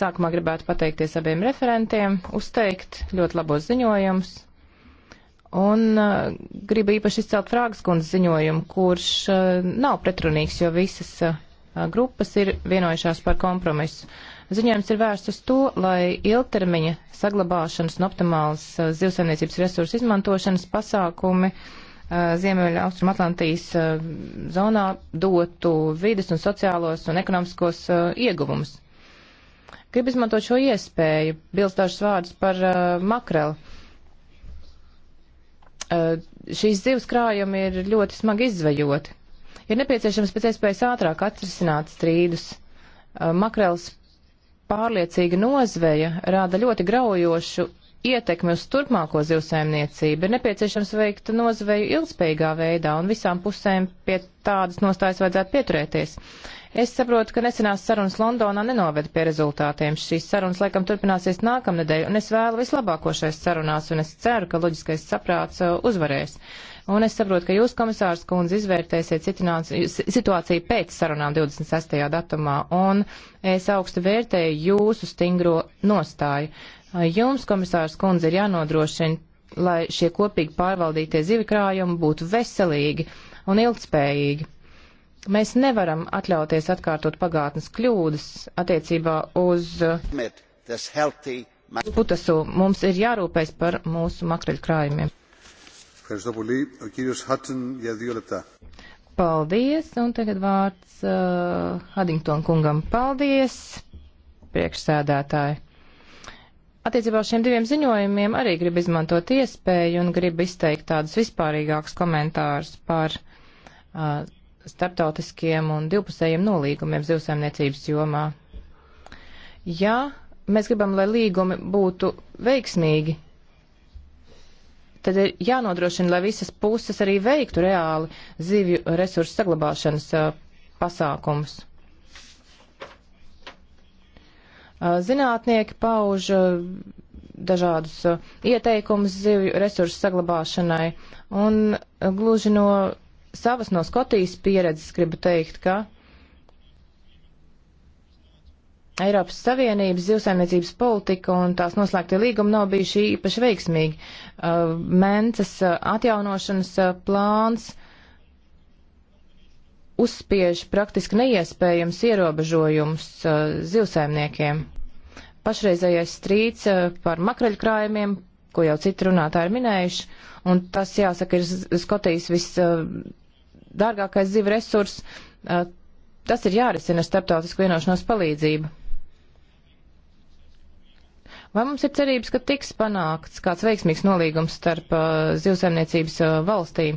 sākumā gribētu pateikties abiem referentiem, uzteikt ļoti labos ziņojumus. Un uh, gribu īpaši izcelt Frāgas kundzes ziņojumu, kurš uh, nav pretrunīgs, jo visas uh, grupas ir vienojušās par kompromisu. Ziņojums ir vērsts uz to, lai ilgtermiņa saglabāšanas un optimāls uh, zivsaimniecības resursu izmantošanas pasākumi uh, Uh, Ziemeļa Austrum Atlantijas uh, zonā dotu vides un sociālos un ekonomiskos uh, ieguvumus. Gribu izmantot šo iespēju, bilst dažus vārdus par makreli. Šīs zivs krājumi ir ļoti smagi izzvejoti. Ir nepieciešams pēc iespējas ātrāk atrisināt strīdus. Makrels pārliecīga nozveja rāda ļoti graujošu ietekmi uz turpmāko zivsaimniecību, ir nepieciešams veikt nozveju ilgspējīgā veidā, un visām pusēm pie tādas nostājas vajadzētu pieturēties. Es saprotu, ka nesenās sarunas Londonā nenoveda pie rezultātiem. Šīs sarunas laikam turpināsies nākamnedēļ, un es vēlu vislabāko šais sarunās, un es ceru, ka loģiskais saprāts uh, uzvarēs. Uh, Un es saprotu, ka jūs, komisārs kundze, izvērtēsiet situāciju pēc sarunām 26. datumā. Un es augstu vērtēju jūsu stingro nostāju. Jums, komisārs kundze, ir jānodrošina, lai šie kopīgi pārvaldītie zivikrājumi būtu veselīgi un ilgspējīgi. Mēs nevaram atļauties atkārtot pagātnes kļūdas attiecībā uz putasu. Mums ir jārūpēs par mūsu makraļu krājumiem. Ευχαριστώ πολύ. Ο κύριος Χάτσεν για δύο λεπτά. Paldies, un tagad vārds uh, Hadington kungam. Paldies, priekšsēdētāji. Attiecībā uz šiem diviem ziņojumiem arī gribu izmantot iespēju un gribu izteikt tādus vispārīgākus komentārus par uh, starptautiskiem un divpusējiem nolīgumiem zivsaimniecības jomā. Ja mēs gribam, lai līgumi būtu veiksmīgi, tad ir jānodrošina, lai visas puses arī veiktu reāli zivju resursu saglabāšanas uh, pasākumus. Uh, zinātnieki pauž uh, dažādus ieteikumus zivju resursu saglabāšanai, un gluži no savas no Skotijas pieredzes gribu teikt, ka Eiropas Savienības zivsaimniecības politika un tās noslēgtie līgumi nav bijuši īpaši veiksmīgi. Uh, Mences uh, atjaunošanas uh, plāns uzspiež praktiski neiespējams ierobežojums uh, zivsaimniekiem. Pašreizējais strīds uh, par makraļkrājumiem, ko jau citi runātāji ir minējuši, un tas, jāsaka, ir Skotijas visdārgākais uh, zivu resurs, tas ir jārisina starptautisku vienošanos palīdzību. Vai mums ir cerības, ka tiks panākts kāds veiksmīgs nolīgums starp uh, zivsaimniecības uh, valstīm?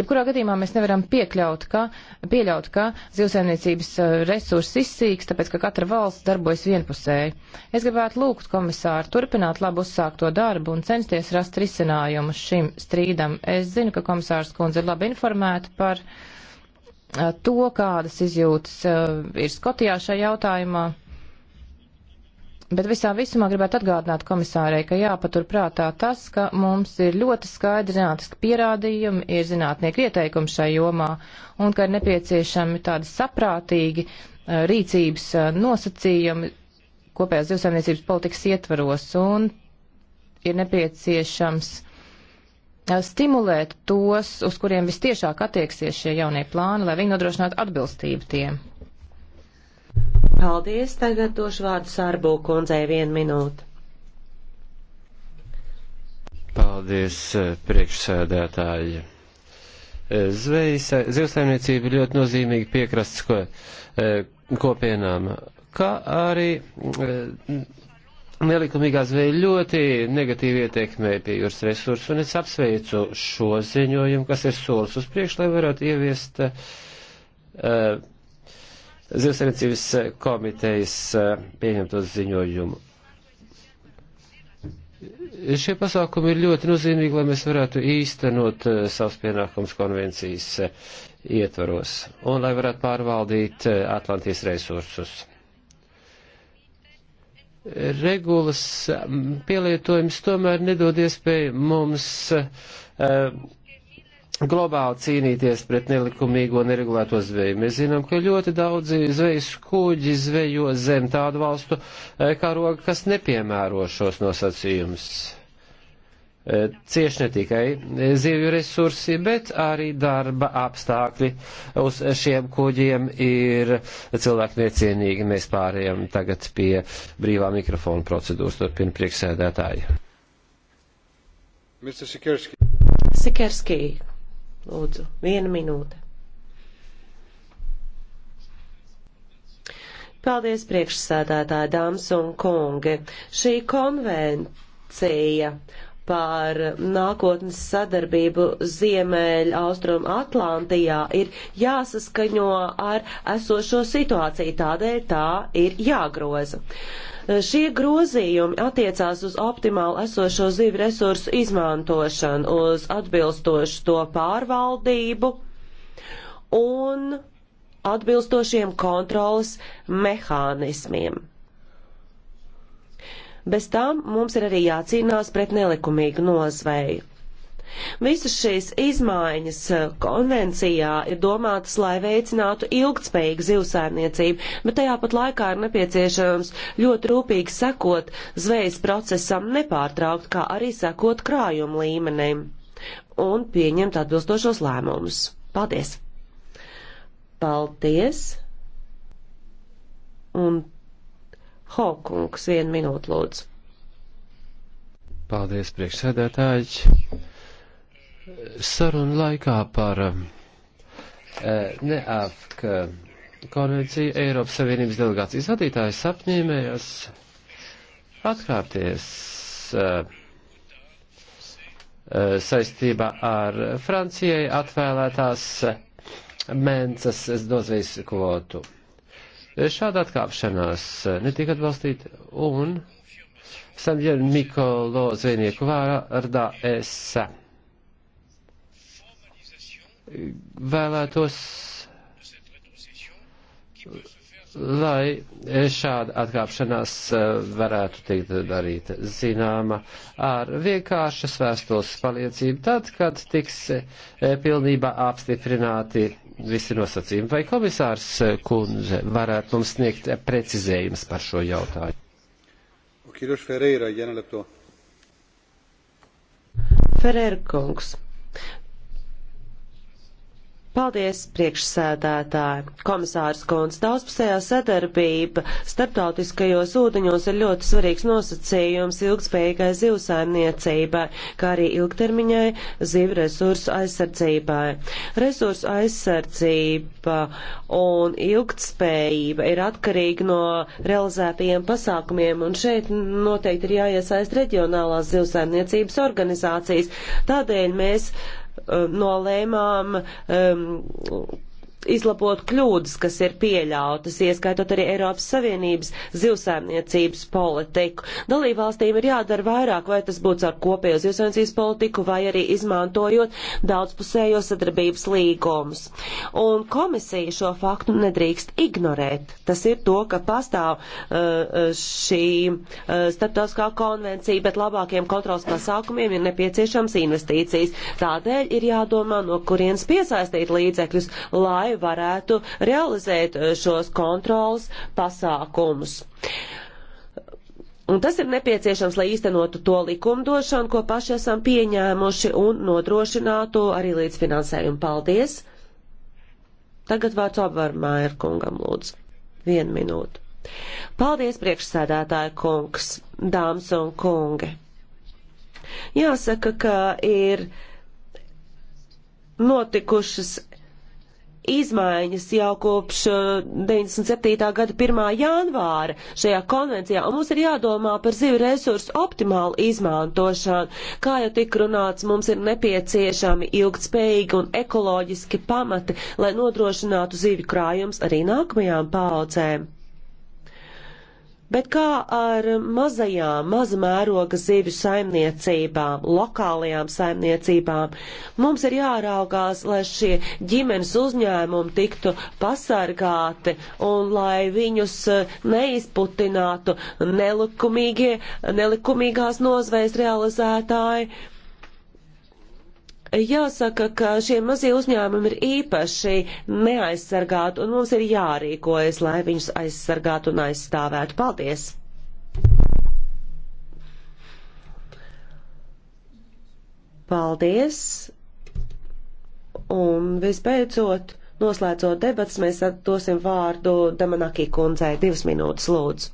Jebkurā gadījumā mēs nevaram piekļaut, ka, pieļaut, ka zivsaimniecības uh, resursi izsīks, tāpēc, ka katra valsts darbojas vienpusēji. Es gribētu lūgt komisāru turpināt labu uzsākto darbu un censties rast risinājumu šim strīdam. Es zinu, ka komisārs kundze ir labi informēta par uh, to, kādas izjūtas uh, ir Skotijā šajā jautājumā. Bet visā visumā gribētu atgādināt komisārai, ka jāpaturprātā tas, ka mums ir ļoti skaidri zinātniski pierādījumi, ir zinātnieki ieteikumi šai jomā un ka ir nepieciešami tādi saprātīgi eh, rīcības eh, nosacījumi kopējās zivsaimniecības politikas ietvaros un ir nepieciešams eh, stimulēt tos, uz kuriem vistiešāk attieksies šie jaunie plāni, lai viņi nodrošinātu atbilstību tiem. Paldies, tagad došu vārdu Sārbū kundzei vienu minūtu. Paldies, eh, priekšsēdētāji. Eh, zvejas, zivsaimniecība ir ļoti nozīmīga piekrasts ko, eh, kopienām, kā arī nelikumīgā zveja ļoti negatīvi ietekmē pie jūras resursu, un es apsveicu šo ziņojumu, kas ir solis uz priekšu, lai varētu ieviest uh, Zivsarīcības komitejas eh, pieņemto ziņojumu. Šie pasākumi ir ļoti nozīmīgi, lai mēs varētu īstenot eh, savus pienākums konvencijas eh, ietvaros un lai varētu pārvaldīt Atlantijas resursus regulas mm, pielietojums tomēr nedod iespēju mums uh, globāli cīnīties pret nelikumīgo neregulēto zveju. Mēs zinām, ka ļoti daudzi zvejas kuģi zvejo zem tādu valstu eh, karoga, kas nepiemēro šos nosacījumus. Eh, cieši ne tikai eh, zivju resursi, bet arī darba apstākļi uz šiem kuģiem ir cilvēki necienīgi. Mēs pārējām tagad pie brīvā mikrofona procedūras, turpina priekšsēdētāji. Sikerski. Sikerski Lūdzu, viena minūte. Paldies priekšsēdētāji, dāmas un kungi. Šī konvencija par nākotnes sadarbību Ziemeļa Austrum Atlantijā ir jāsaskaņo ar esošo situāciju, tādēļ tā ir jāgroza. Šie grozījumi attiecās uz optimālu esošo zivju resursu izmantošanu, uz atbilstošu to pārvaldību un atbilstošiem kontrolas mehānismiem. Bez tām mums ir arī jācīnās pret nelikumīgu nozveju. Visas šīs izmaiņas eh, konvencijā ir domātas, lai veicinātu ilgtspējīgu zivsēmniecību, bet tajā pat laikā ir nepieciešams ļoti rūpīgi sekot zvejas procesam nepārtraukt, kā arī sekot krājumu līmenim un pieņemt atbilstošos lēmumus. Paldies! Paldies! Un Hokungs, vienu minūtu lūdzu. Paldies, priekšsēdētāji. Sarunu laikā par um, eh, neafk konvenciju Eiropas Savienības delegācijas vadītājs apņēmējās atkārties eh, eh, saistībā ar Francijai atvēlētās mēnesis dozvejas kvotu. Šāda atkāpšanās e, netika atbalstīta un Samģēna Mikolo Zvejnieku vārdā es e, vēlētos, lai šāda atkāpšanās e, varētu tikt darīta zināma ar vienkāršas vēstules paliecību tad, kad tiks pilnībā apstiprināti visi nosacījumi. Vai komisārs Kundze varētu mums sniegt precizējums par šo jautājumu? Ferēra kungs. Paldies, priekšsēdētāji. Komisārs Kunds, daudzpusējā sadarbība starptautiskajos ūdeņos ir ļoti svarīgs nosacījums ilgspējīgai zivsaimniecībai, kā arī ilgtermiņai zivu resursu aizsardzībai. Resursu aizsardzība un ilgtspējība ir atkarīga no realizētajiem pasākumiem, un šeit noteikti ir jāiesaist reģionālās zivsaimniecības organizācijas. Tādēļ mēs nolēmām um, izlabot kļūdas, kas ir pieļautas, ieskaitot arī Eiropas Savienības zivsēmniecības politiku. Dalībvalstīm ir jādara vairāk, vai tas būtu ar kopējo zivsēmniecības politiku, vai arī izmantojot daudzpusējo sadarbības līgumus. Un komisija šo faktu nedrīkst ignorēt. Tas ir to, ka pastāv uh, uh, šī uh, starptautiskā konvencija, bet labākiem kontrols pasākumiem ir nepieciešams investīcijas. Tādēļ ir jādomā, no kurienes piesaistīt līdzekļus, lai lai varētu realizēt eh, šos kontrolas pasākumus. Un tas ir nepieciešams, lai īstenotu to likumdošanu, ko paši esam pieņēmuši un nodrošinātu arī līdz finansējumu. Paldies! Tagad vārds apvarmājer kungam lūdzu. Vienu minūtu. Paldies, priekšsēdētāja kungs, dāmas un kungi. Jāsaka, ka ir notikušas izmaiņas jau kopš 97. Eh, gada 1. janvāra šajā konvencijā, un mums ir jādomā par zivju resursu optimālu izmantošanu. Kā jau tik runāts, mums ir nepieciešami ilgtspējīgi un ekoloģiski pamati, lai nodrošinātu zivju krājums arī nākamajām paudzēm. Bet kā ar mazajām, mazamēroga zivju saimniecībām, lokālajām saimniecībām? Mums ir jāraugās, lai šie ģimenes uzņēmumi tiktu pasargāti un lai viņus eh, neizputinātu nelikumīgās nozvejas realizētāji Jāsaka, ka šie mazie uzņēmumi ir īpaši neaizsargāti, un mums ir jārīkojas, lai viņus aizsargātu un aizstāvētu. Paldies! Paldies! Un visbeidzot, noslēdzot debats, mēs dosim vārdu Damanakī kundzei divas minūtes lūdzu.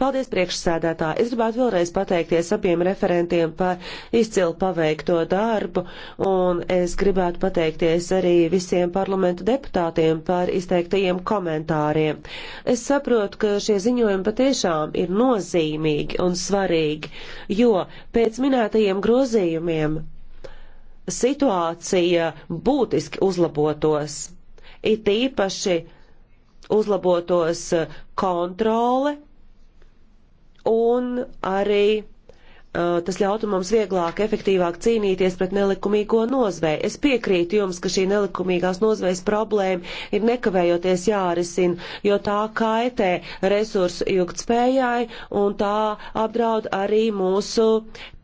Paldies priekšsēdētā. Es gribētu vēlreiz pateikties abiem referentiem par izcilu paveikto darbu, un es gribētu pateikties arī visiem parlamentu deputātiem par izteiktajiem komentāriem. Es saprotu, ka šie ziņojumi patiešām ir nozīmīgi un svarīgi, jo pēc minētajiem grozījumiem situācija būtiski uzlabotos. It īpaši uzlabotos kontrole un arī uh, tas ļautu mums vieglāk, efektīvāk cīnīties pret nelikumīgo nozvēju. Es piekrītu jums, ka šī nelikumīgās nozvējas problēma ir nekavējoties jārisina, jo tā kaitē resursu ilgtspējai un tā apdraud arī mūsu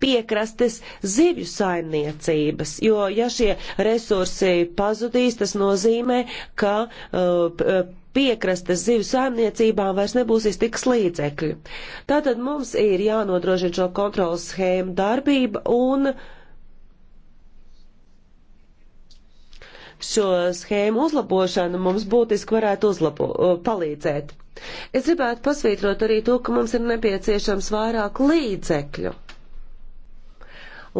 piekrastes zivju saimniecības, jo ja šie resursi pazudīs, tas nozīmē, ka uh, piekrastes zivju saimniecībām vairs nebūs iztiks līdzekļu. Tātad mums ir jānodrošina šo kontrolas schēmu darbība un šo schēmu uzlabošana mums būtiski varētu uzlabo, palīdzēt. Es gribētu pasvītrot arī to, ka mums ir nepieciešams vairāk līdzekļu,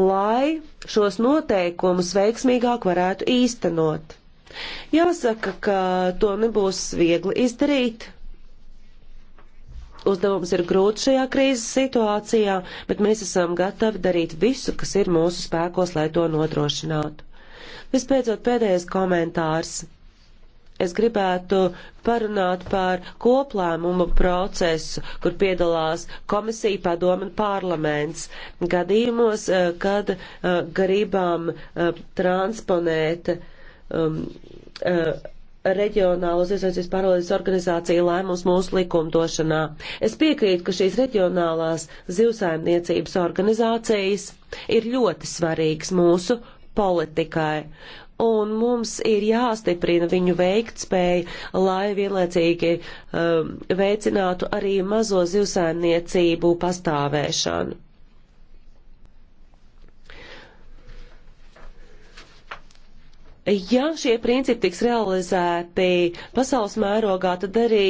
lai šos noteikumus veiksmīgāk varētu īstenot. Jāsaka, ka to nebūs viegli izdarīt. Uzdevums ir grūts šajā krīzes situācijā, bet mēs esam gatavi darīt visu, kas ir mūsu spēkos, lai to nodrošinātu. Vispēcot pēdējais komentārs. Es gribētu parunāt par koplēmumu procesu, kur piedalās komisija, padoma un parlaments. Gadījumos, eh, kad eh, garībām eh, transponēt uh, um, uh, reģionālos iesaistīs pārvaldes organizācija lēmums mūsu likumdošanā. Es piekrītu, ka šīs reģionālās zivsaimniecības organizācijas ir ļoti svarīgas mūsu politikai. Un mums ir jāstiprina viņu veiktspēja, lai vienlaicīgi um, veicinātu arī mazo zivsaimniecību pastāvēšanu. Ja šie principi tiks realizēti pasaules mērogā, tad arī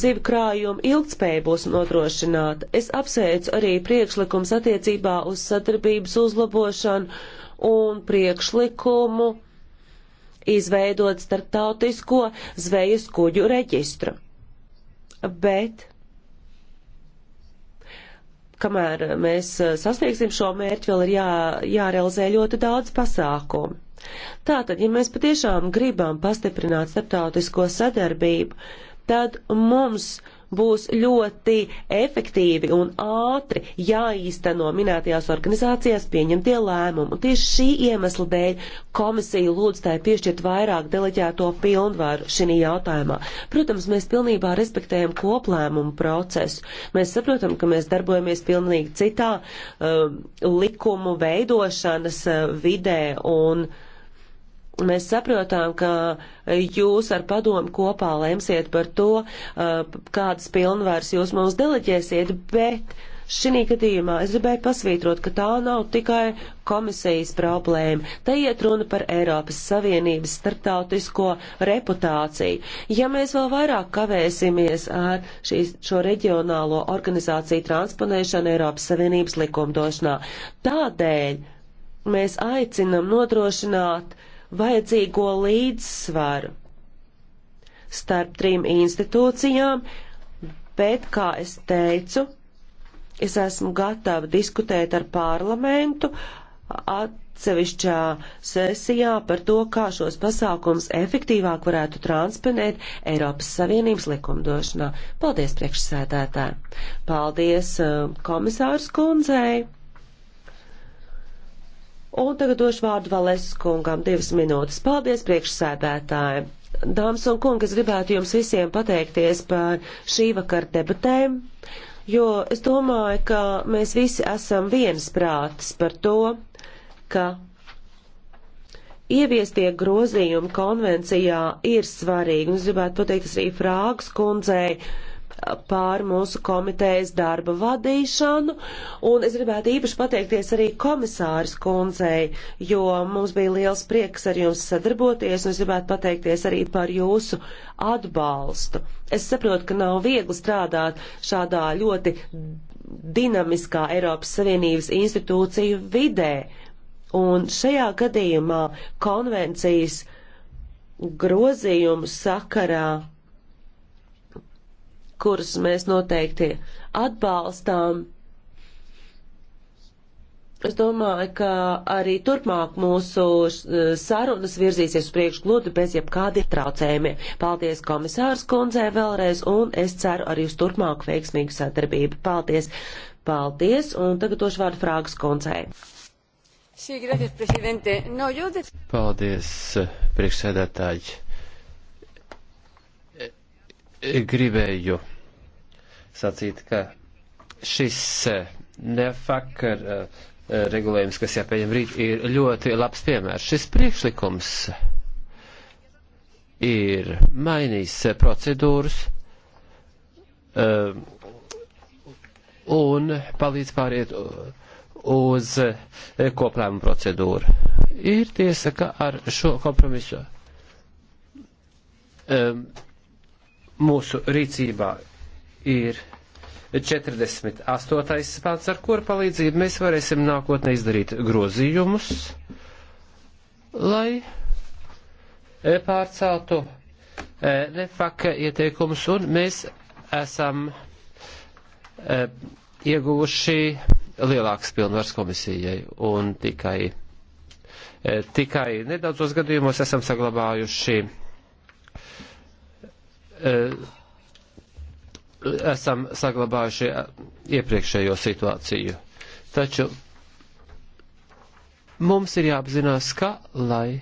zivu krājuma ilgtspēja būs nodrošināta. Es apsveicu arī priekšlikums attiecībā uz sadarbības uzlabošanu un priekšlikumu izveidot starptautisko zvejas kuģu reģistru. Bet kamēr mēs sasniegsim šo mērķi, vēl ir jā, jārealizē ļoti daudz pasākumu. Tātad, ja mēs patiešām gribam pastiprināt starptautisko sadarbību, tad mums būs ļoti efektīvi un ātri jāīsteno minētajās organizācijās pieņemtie lēmumi. Un tieši šī iemesla dēļ komisija lūdz tai piešķirt vairāk deleģēto pilnvaru šī jautājumā. Protams, mēs pilnībā respektējam koplēmumu procesu. Mēs saprotam, ka mēs darbojamies pilnīgi citā uh, likumu veidošanas uh, vidē un uh, Mēs saprotam, ka jūs ar padomu kopā lemsiet par to, kādas pilnvaras jūs mums deleģēsiet, bet šī gadījumā es gribēju pasvītrot, ka tā nav tikai komisijas problēma. Te iet runa par Eiropas Savienības startautisko reputāciju. Ja mēs vēl vairāk kavēsimies ar šīs, šo reģionālo organizāciju transponēšanu Eiropas Savienības likumdošanā, tādēļ mēs aicinam nodrošināt, vajadzīgo līdzsvaru starp trim institūcijām, bet, kā es teicu, es esmu gatava diskutēt ar parlamentu atsevišķā sesijā par to, kā šos pasākums efektīvāk varētu transponēt Eiropas Savienības likumdošanā. Paldies, priekšsēdētāji! Paldies eh, komisārs kundzei! Un tagad došu vārdu Valēs kungam divas minūtes. Paldies priekšsēdētājiem! Dāmas un kungi, es gribētu jums visiem pateikties par šī vakara debatēm, jo es domāju, ka mēs visi esam viensprātis par to, ka ieviestie grozījumi konvencijā ir svarīgi. Un es gribētu pateikt arī Frāgas kundzei, uh, pār mūsu komitejas darba vadīšanu, un es gribētu īpaši pateikties arī komisāras kundzei, jo mums bija liels prieks ar jums sadarboties, un es gribētu pateikties arī par jūsu atbalstu. Es saprotu, ka nav viegli strādāt šādā ļoti dinamiskā Eiropas Savienības institūciju vidē, un šajā gadījumā konvencijas grozījumu sakarā kuras mēs noteikti atbalstām. Es domāju, ka arī turpmāk mūsu eh, sarunas virzīsies uz priekšu gludi bez jebkādiem traucējumiem. Paldies komisārs kundzē vēlreiz, un es ceru arī uz turpmāku veiksmīgu sadarbību. Paldies! Paldies, un tagad došu vārdu Frāgas kundzē. Paldies, priekšsēdētāji! gribēju sacīt, ka šis eh, nefakar eh, regulējums, kas jāpieņem rīt, ir ļoti labs piemērs. Šis priekšlikums ir mainījis eh, procedūras un palīdz pāriet uz koplēmu procedūru. Ir tiesa, ka ar šo kompromisu mūsu rīcībā ir 48. pāns, ar kuru palīdzību mēs varēsim nākotnē izdarīt grozījumus, lai e, pārceltu e, nefaka ieteikumus, un mēs esam e, ieguvuši lielākas pilnvaras komisijai, un tikai, tikai nedaudzos gadījumos esam saglabājuši E, esam saglabājuši iepriekšējo situāciju. Taču mums ir jāapzinās, ka, lai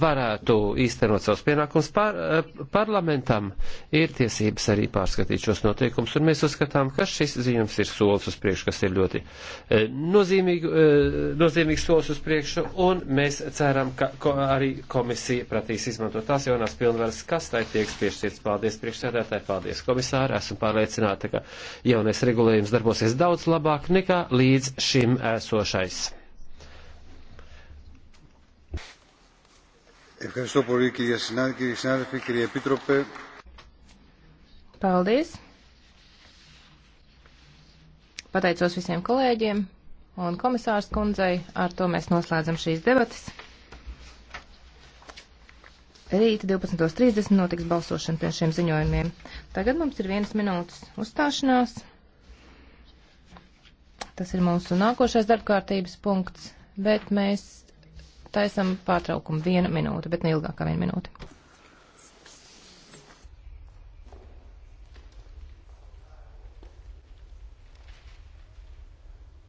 varētu īstenot savus pienākumus par, eh, parlamentam, ir tiesības arī pārskatīt šos noteikumus, un mēs uzskatām, ka šis ziņums ir solis uz priekšu, kas ir ļoti eh, nozīmīgi, eh, nozīmīgs solis uz priekšu, un mēs ceram, ka ko, arī komisija pratīs izmantot tās jaunās pilnvaras, kas tai tiek piešķirts. Paldies priekšsēdētāji, paldies komisāri, esmu pārliecināta, ka jaunais regulējums darbosies daudz labāk nekā līdz šim esošais. Ευχαριστώ πολύ κύριε συνάδελφε, κύριε Επίτροπε. Paldies! Pateicos visiem kolēģiem un komisārs kundzei. Ar to mēs noslēdzam šīs debatas. Rīta 12.30 notiks balsošana pie šiem ziņojumiem. Tagad mums ir vienas minūtes uzstāšanās. Tas ir mūsu nākošais darbkārtības punkts, bet mēs taisam pārtraukumu vienu minūti, bet ne ilgāk kā vienu minūti.